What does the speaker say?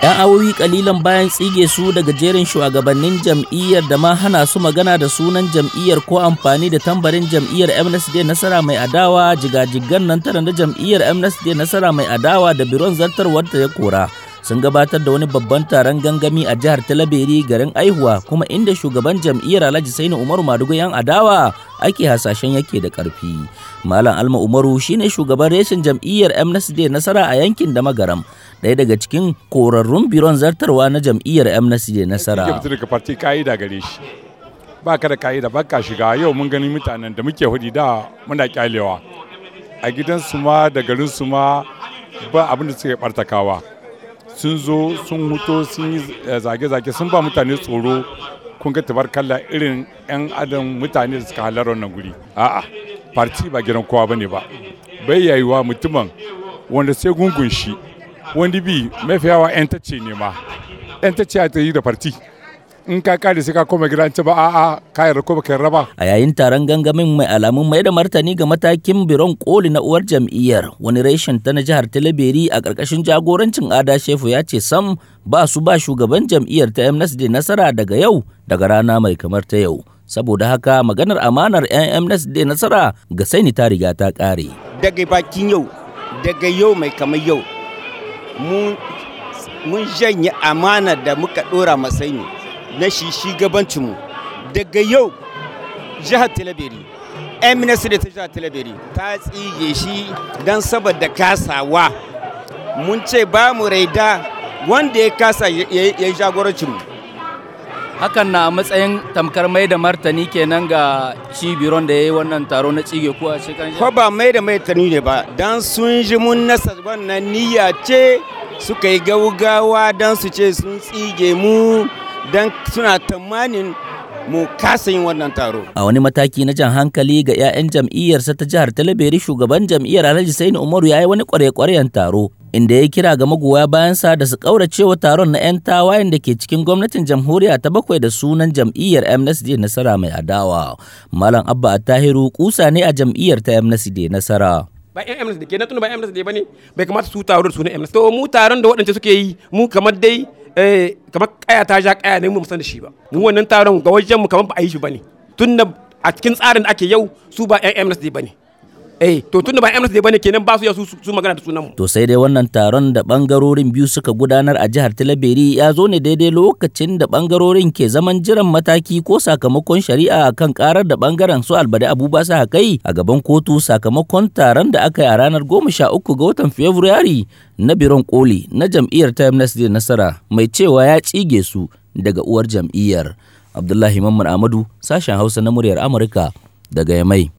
'yan awowi kalilan bayan tsige su daga jerin shugabannin jam'iyyar da ma hana su magana da sunan jam'iyyar ko amfani da tambarin jam'iyyar MNSD nasara mai adawa jigajigan nan tare na jam'iyyar MNSD nasara mai adawa da biron zartarwar ta ya kora sun gabatar da wani babban taron gangami a jihar talaberi garin aihuwa kuma inda shugaban jam'iyyar alhaji saini umaru madugu yan adawa ake hasashen yake da karfi malam alma umaru shine shugaban reshen jam'iyyar mnsd nasara a yankin da magaram ɗaya daga cikin korarrun biron zartarwa na jam'iyyar mnsd nasara ba ka da ka'ida ba ka shiga yau mun gani mutanen da muke hudi da muna kyalewa a gidansu ma da garinsu ma ba abin da suke bartakawa sun zo sun mutu sun yi eh, zage-zage sun ba mutane tsoro kun ga tabarkalla irin 'yan adam mutane da suka halar wannan guri a'a farti ba gidan kowa bane ba bai yayuwa mutumin wanda sai gungun shi wani bi mafi yawa 'yan tace ne ma 'yan tace ta yi da farti in ka kare sai ka koma gida an ba a'a ka yarda ko baka raba. a yayin taron gangamin mai alamun mai da martani ga matakin biron koli na uwar jam'iyyar wani reshen ta na jihar talabiri a ƙarƙashin jagorancin ada shefu ya ce sam ba su ba shugaban jam'iyyar ta MNSD nasara daga yau daga rana mai kamar ta yau saboda haka maganar amanar 'yan MNSD nasara ga saini ta riga ta ƙare daga bakin yau daga yau mai kamar yau mun janye amana da muka ɗora masai ne na shi mu daga yau jihar talabiri yan da ta jihar talabiri ta tsige shi don saboda kasawa mun ce ba mu raida wanda ya kasa ya yi jagorancinmu hakan na matsayin tamkar mai da martani kenan ga cibiron da ya yi wannan taro na tsige kuwa ko ba mai da martani ne ba don sun ji mun nasa wannan niyya ce suka yi gaugawa don su ce sun tsige mu don suna tamanin mu kasa yin wannan taro. A wani mataki na jan hankali ga 'ya'yan jam'iyyarsa ta jihar Talabiri shugaban jam'iyyar Alhaji Saini Umaru ya yi wani kware-kwaren taro inda ya kira ga magoya bayansa da su kauracewa taron na 'yan tawayen da ke cikin gwamnatin jamhuriya ta bakwai da sunan jam'iyyar MNSD Nasara mai adawa. Malam Abba Attahiru kusa ne a jam'iyyar ta MNSD Nasara. ba yan MNSD kenan tun ba MNSD ne? bai kamata su taro da sunan MNSD to mu taron da waɗanda suke yi mu kamar dai eh kamar kaya ta ja kaya ne mu san da shi ba mu wannan taron ga wajen mu kamar ba a yi shi bane tunda a cikin tsarin da ake yau su ba ƴan MNSD bane eh to tunda ba amnesty bane kenan ba su ya su magana da sunan mu to sai dai wannan taron da bangarorin biyu suka gudanar a jihar Talabiri ya zo ne daidai lokacin da bangarorin ke zaman jiran mataki ko sakamakon shari'a kan karar da bangaren su Albade Abuba sa kai a gaban kotu sakamakon taron da aka yi a ranar 13 ga watan February na Biron Koli na jam'iyyar Timeless da Nasara mai cewa ya tsige su daga uwar jam'iyyar Abdullahi Mamman Amadu sashen Hausa na muryar Amurka daga Yamai